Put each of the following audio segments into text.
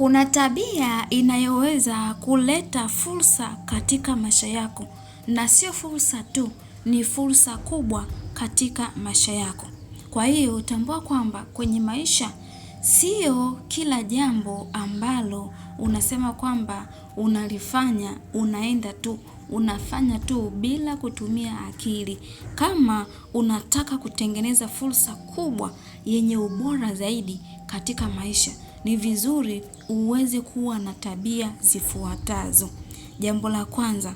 Kuna tabia inayoweza kuleta fursa katika maisha yako na sio fursa tu, ni fursa kubwa katika maisha yako. Kwa hiyo tambua kwamba kwenye maisha sio kila jambo ambalo unasema kwamba unalifanya, unaenda tu, unafanya tu bila kutumia akili. Kama unataka kutengeneza fursa kubwa yenye ubora zaidi katika maisha ni vizuri uweze kuwa na tabia zifuatazo. Jambo la kwanza,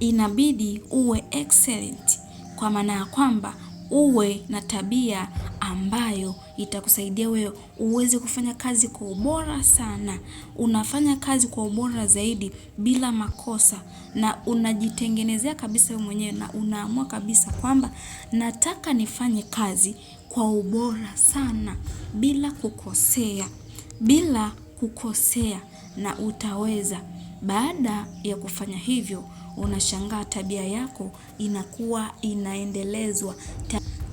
inabidi uwe excellent, kwa maana ya kwamba uwe na tabia ambayo itakusaidia wewe uweze kufanya kazi kwa ubora sana. Unafanya kazi kwa ubora zaidi bila makosa, na unajitengenezea kabisa wewe mwenyewe, na unaamua kabisa kwamba nataka nifanye kazi kwa ubora sana bila kukosea bila kukosea na utaweza. Baada ya kufanya hivyo, unashangaa tabia yako inakuwa inaendelezwa.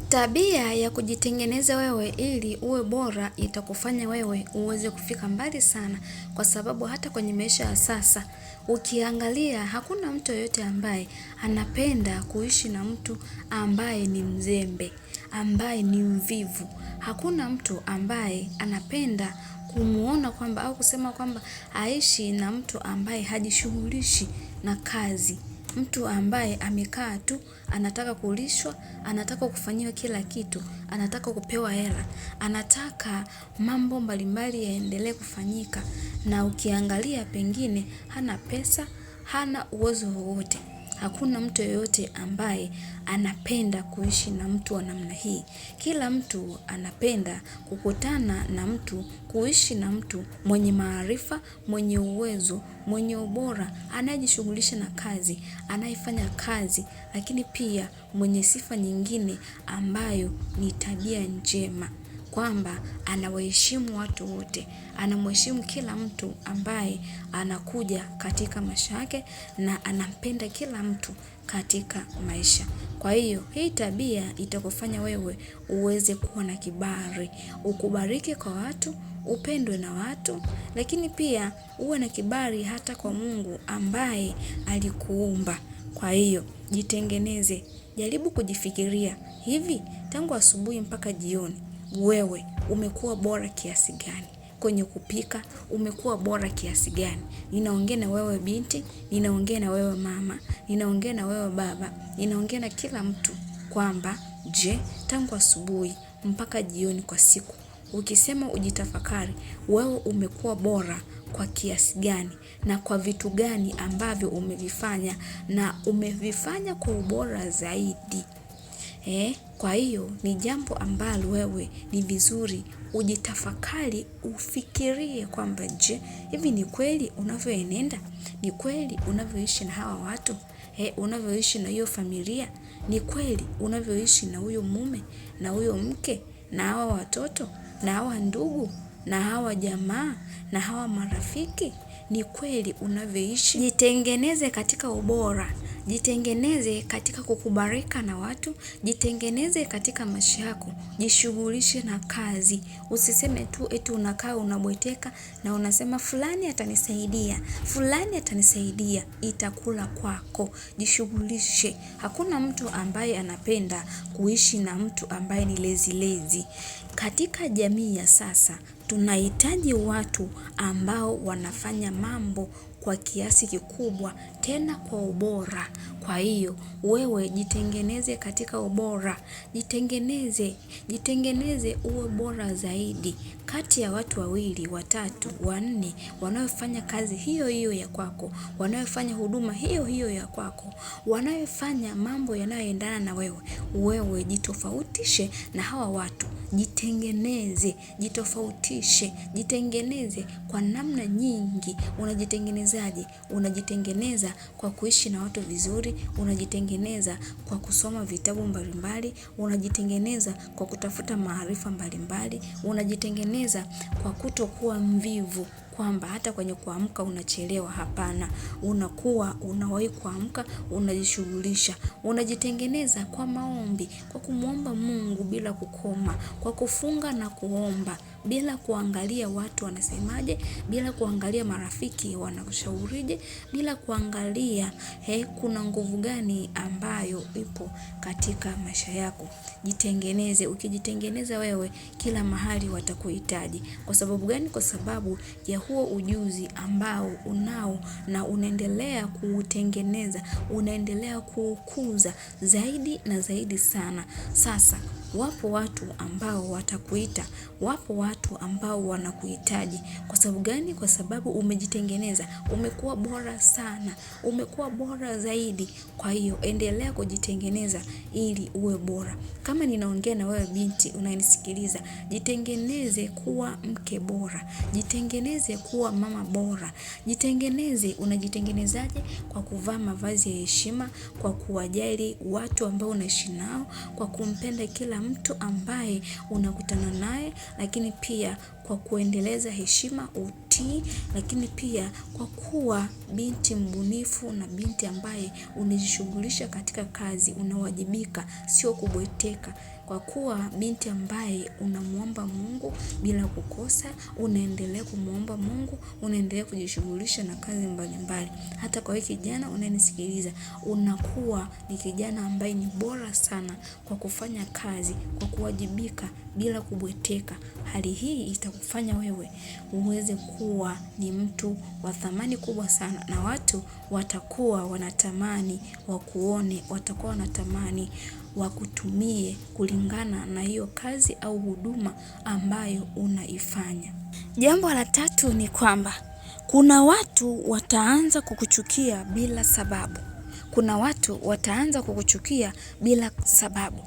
Tabia ya kujitengeneza wewe ili uwe bora itakufanya wewe uweze kufika mbali sana, kwa sababu hata kwenye maisha ya sasa ukiangalia, hakuna mtu yoyote ambaye anapenda kuishi na mtu ambaye ni mzembe, ambaye ni mvivu. Hakuna mtu ambaye anapenda kumuona kwamba au kusema kwamba aishi na mtu ambaye hajishughulishi na kazi. Mtu ambaye amekaa tu, anataka kulishwa, anataka kufanyiwa kila kitu, anataka kupewa hela, anataka mambo mbalimbali yaendelee kufanyika na ukiangalia pengine hana pesa, hana uwezo wowote. Hakuna mtu yeyote ambaye anapenda kuishi na mtu wa namna hii. Kila mtu anapenda kukutana na mtu, kuishi na mtu mwenye maarifa, mwenye uwezo, mwenye ubora, anayejishughulisha na kazi, anayefanya kazi, lakini pia mwenye sifa nyingine ambayo ni tabia njema kwamba anawaheshimu watu wote, anamheshimu kila mtu ambaye anakuja katika maisha yake na anampenda kila mtu katika maisha. Kwa hiyo hii tabia itakufanya wewe uweze kuwa na kibali, ukubariki kwa watu, upendwe na watu, lakini pia uwe na kibali hata kwa Mungu ambaye alikuumba. Kwa hiyo jitengeneze, jaribu kujifikiria hivi, tangu asubuhi mpaka jioni wewe umekuwa bora kiasi gani kwenye kupika umekuwa bora kiasi gani? Ninaongea na wewe binti, ninaongea na wewe mama, ninaongea na wewe baba, ninaongea na kila mtu kwamba je, tangu asubuhi mpaka jioni kwa siku, ukisema ujitafakari, wewe umekuwa bora kwa kiasi gani na kwa vitu gani ambavyo umevifanya na umevifanya kwa ubora zaidi. Eh, kwa hiyo ni jambo ambalo wewe ni vizuri ujitafakari, ufikirie kwamba je, hivi ni kweli unavyoenenda? Ni kweli unavyoishi na hawa watu? Eh, unavyoishi na hiyo familia? Ni kweli unavyoishi na huyo mume na huyo mke na hawa watoto na hawa ndugu na hawa jamaa na hawa marafiki? Ni kweli unavyoishi? Jitengeneze katika ubora Jitengeneze katika kukubarika na watu, jitengeneze katika maisha yako, jishughulishe na kazi. Usiseme tu eti unakaa unabweteka na unasema fulani atanisaidia, fulani atanisaidia, itakula kwako. Jishughulishe. Hakuna mtu ambaye anapenda kuishi na mtu ambaye ni lezi lezi. Katika jamii ya sasa tunahitaji watu ambao wanafanya mambo kwa kiasi kikubwa tena kwa ubora. Kwa hiyo wewe jitengeneze katika ubora, jitengeneze, jitengeneze uwe bora zaidi kati ya watu wawili, watatu, wanne wanaofanya kazi hiyo hiyo ya kwako, wanaofanya huduma hiyo hiyo ya kwako, wanaofanya mambo yanayoendana na wewe, wewe jitofautishe na hawa watu. Jitengeneze, jitofautishe, jitengeneze kwa namna nyingi. Unajitengenezaje? Unajitengeneza kwa kuishi na watu vizuri, unajitengeneza kwa kusoma vitabu mbalimbali, unajitengeneza kwa kutafuta maarifa mbalimbali, unajitengeneza kujifunza kwa kutokuwa mvivu kwamba hata kwenye kuamka unachelewa hapana. Unakuwa unawahi kuamka, unajishughulisha, unajitengeneza kwa maombi, kwa kumwomba mungu bila kukoma, kwa kufunga na kuomba bila kuangalia watu wanasemaje, bila kuangalia marafiki wanakushaurije, bila kuangalia he, eh, kuna nguvu gani ambayo ipo katika maisha yako. Jitengeneze, ukijitengeneza wewe kila mahali watakuhitaji. Kwa sababu gani? Kwa sababu ya huo ujuzi ambao unao na unaendelea kuutengeneza, unaendelea kuukuza zaidi na zaidi sana. Sasa wapo watu ambao watakuita, wapo watu watu ambao wanakuhitaji. Kwa sababu gani? Kwa sababu umejitengeneza, umekuwa bora sana, umekuwa bora zaidi. Kwa hiyo endelea kujitengeneza ili uwe bora. Kama ninaongea na wewe binti unayenisikiliza, jitengeneze kuwa mke bora, jitengeneze kuwa mama bora, jitengeneze. Unajitengenezaje? Kwa kuvaa mavazi ya heshima, kwa kuwajali watu ambao unaishi nao, kwa kumpenda kila mtu ambaye unakutana naye, lakini pia kwa kuendeleza heshima utii, lakini pia kwa kuwa binti mbunifu na binti ambaye unajishughulisha katika kazi, unawajibika, sio kubweteka. Kwa kuwa binti ambaye unamwomba mungu bila kukosa, unaendelea kumuomba mungu, unaendelea kujishughulisha na kazi mbalimbali mbali. Hata kwa wewe kijana unayenisikiliza, unakuwa ni kijana ambaye ni bora sana kwa kufanya kazi, kwa kuwajibika bila kubweteka. Hali hii itakufanya wewe, uweze kuwa ni mtu wa thamani kubwa sana na watu watakuwa wanatamani, wakuone, watakuwa wanatamani wakutumie kulingana na hiyo kazi au huduma ambayo unaifanya. Jambo la tatu ni kwamba kuna watu wataanza kukuchukia bila sababu. Kuna watu wataanza kukuchukia bila sababu.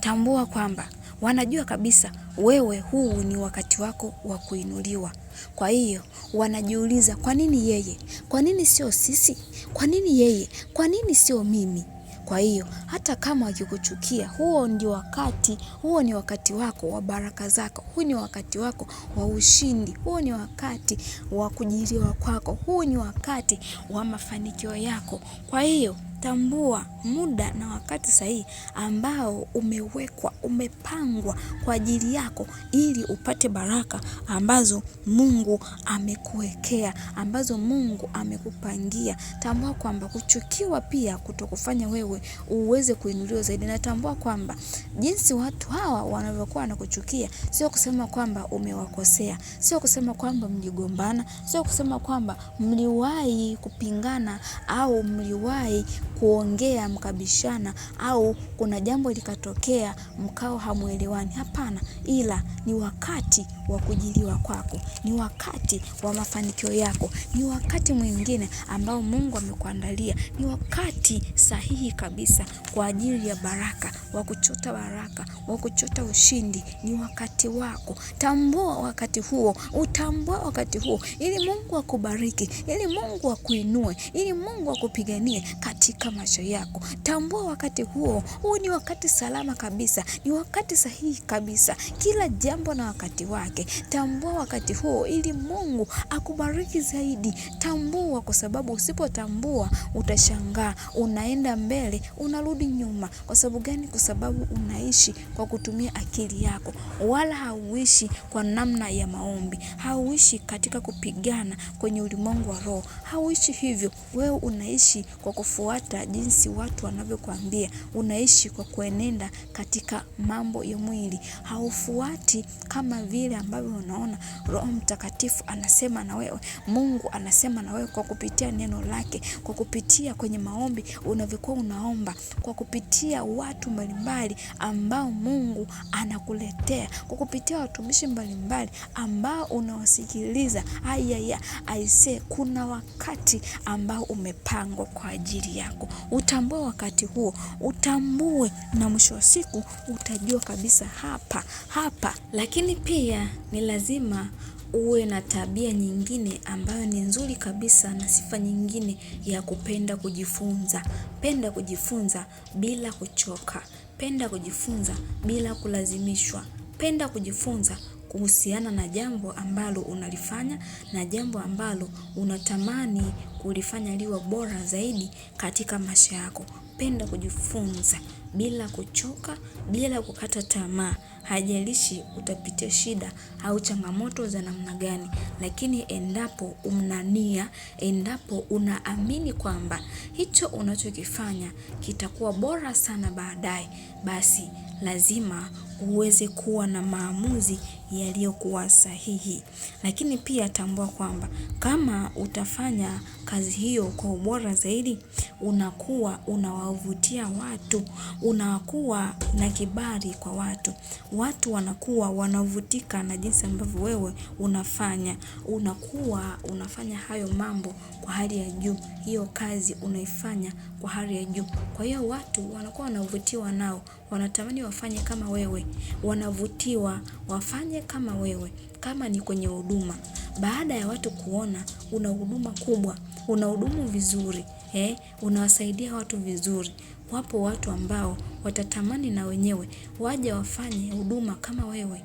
Tambua kwamba wanajua kabisa wewe huu ni wakati wako wa kuinuliwa. Kwa hiyo wanajiuliza, kwa nini yeye? Kwa nini sio sisi? Kwa nini yeye? Kwa nini sio mimi? Kwa hiyo hata kama wakikuchukia, huo ndio wakati, huo ni wakati wako wa baraka zako, huu ni wakati wako wa ushindi, huo ni wakati wa kujiriwa kwako, huu ni wakati wa mafanikio yako. Kwa hiyo Tambua muda na wakati sahihi ambao umewekwa, umepangwa kwa ajili yako ili upate baraka ambazo Mungu amekuwekea, ambazo Mungu amekupangia. Tambua kwamba kuchukiwa pia kutokufanya wewe uweze kuinuliwa zaidi, na tambua kwamba jinsi watu hawa wanavyokuwa kuchukia, sio kusema kwamba umewakosea, sio kusema kwamba mligombana, sio kusema kwamba mliwahi kupingana au mliwahi kuongea mkabishana au kuna jambo likatokea mkao hamwelewani. Hapana, ila ni wakati wa kujiliwa kwako, ni wakati wa mafanikio yako, ni wakati mwingine ambao Mungu amekuandalia, ni wakati sahihi kabisa kwa ajili ya baraka, wa kuchota baraka, wa kuchota ushindi. Ni wakati wako, tambua wakati huo, utambua wakati huo, ili Mungu akubariki, ili Mungu akuinue, ili Mungu akupiganie katika macho yako. Tambua wakati huo, huu ni wakati salama kabisa, ni wakati sahihi kabisa, kila jambo na wakati wake. Tambua wakati huo ili Mungu akubariki zaidi. Tambua kwa sababu usipotambua utashangaa, unaenda mbele unarudi nyuma. Kwa sababu gani? Kwa sababu unaishi kwa kutumia akili yako, wala hauishi kwa namna ya maombi, hauishi katika kupigana kwenye ulimwengu wa roho, hauishi hivyo. Wewe unaishi kwa kufuata utakuta jinsi watu wanavyokuambia unaishi kwa kuenenda katika mambo ya mwili haufuati kama vile ambavyo unaona roho mtakatifu anasema na wewe mungu anasema na wewe kwa kupitia neno lake kwa kupitia kwenye maombi unavyokuwa unaomba kwa kupitia watu mbalimbali ambao mungu anakuletea kwa kupitia watumishi mbalimbali ambao unawasikiliza ayaya aise kuna wakati ambao umepangwa kwa ajili yako yako, utambue wakati huo, utambue, na mwisho wa siku utajua kabisa hapa hapa. Lakini pia ni lazima uwe na tabia nyingine ambayo ni nzuri kabisa na sifa nyingine ya kupenda kujifunza. Penda kujifunza bila kuchoka, penda kujifunza bila kulazimishwa, penda kujifunza kuhusiana na jambo ambalo unalifanya na jambo ambalo unatamani kulifanya liwe bora zaidi katika maisha yako. Penda kujifunza bila kuchoka, bila kukata tamaa, haijalishi utapitia shida au changamoto za namna gani. Lakini endapo una nia, endapo unaamini kwamba, hicho unachokifanya, kitakuwa bora sana baadaye, basi lazima uweze kuwa na maamuzi yaliyokuwa sahihi. Lakini pia tambua kwamba kama utafanya kazi hiyo kwa ubora zaidi, unakuwa unawavutia watu, unakuwa na kibali kwa watu. Watu wanakuwa wanavutika na jinsi ambavyo wewe unafanya. Unakuwa unafanya hayo mambo kwa hali ya juu. Hiyo kazi unaifanya kwa hali ya juu. Kwa hiyo watu wanakuwa wanavutiwa nao, wanatamani wafanye kama wewe, wanavutiwa wafanye kama wewe, kama ni kwenye huduma. Baada ya watu kuona una huduma kubwa, una hudumu vizuri eh, unawasaidia watu vizuri, wapo watu ambao watatamani na wenyewe waje wafanye huduma kama wewe,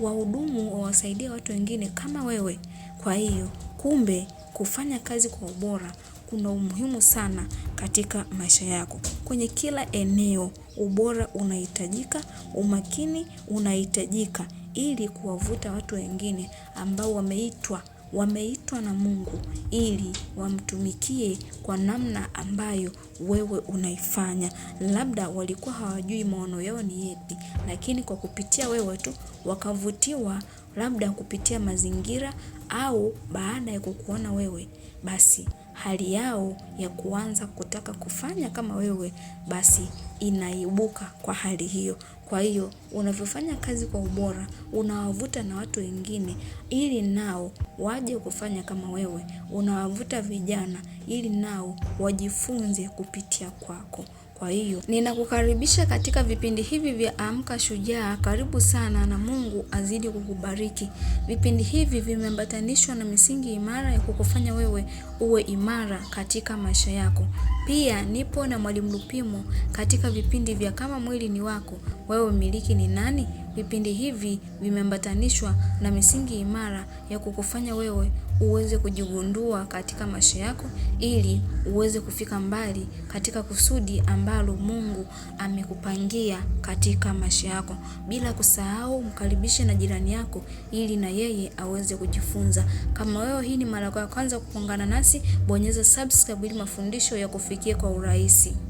wahudumu wawasaidie watu wengine kama wewe. Kwa hiyo kumbe, kufanya kazi kwa ubora kuna umuhimu sana katika maisha yako. Kwenye kila eneo ubora unahitajika, umakini unahitajika ili kuwavuta watu wengine ambao wameitwa wameitwa na Mungu ili wamtumikie kwa namna ambayo wewe unaifanya. Labda walikuwa hawajui maono yao ni yepi, lakini kwa kupitia wewe tu wakavutiwa, labda kupitia mazingira au baada ya kukuona wewe, basi hali yao ya kuanza kutaka kufanya kama wewe basi inaibuka kwa hali hiyo. Kwa hiyo unavyofanya kazi kwa ubora, unawavuta na watu wengine ili nao waje kufanya kama wewe, unawavuta vijana ili nao wajifunze kupitia kwako. Kwa hiyo ninakukaribisha katika vipindi hivi vya Amka Shujaa. Karibu sana na Mungu azidi kukubariki. Vipindi hivi vimeambatanishwa na misingi imara ya kukufanya wewe uwe imara katika maisha yako. Pia nipo na Mwalimu Lupimo katika vipindi vya Kama Mwili ni Wako, Wewe miliki ni Nani? Vipindi hivi vimeambatanishwa na misingi imara ya kukufanya wewe uweze kujigundua katika maisha yako ili uweze kufika mbali katika kusudi ambalo Mungu amekupangia katika maisha yako. Bila kusahau mkaribishe na jirani yako ili na yeye aweze kujifunza. Kama wewe hii ni mara yako ya kwanza kuungana nasi, bonyeza subscribe ili mafundisho yakufikie kwa urahisi.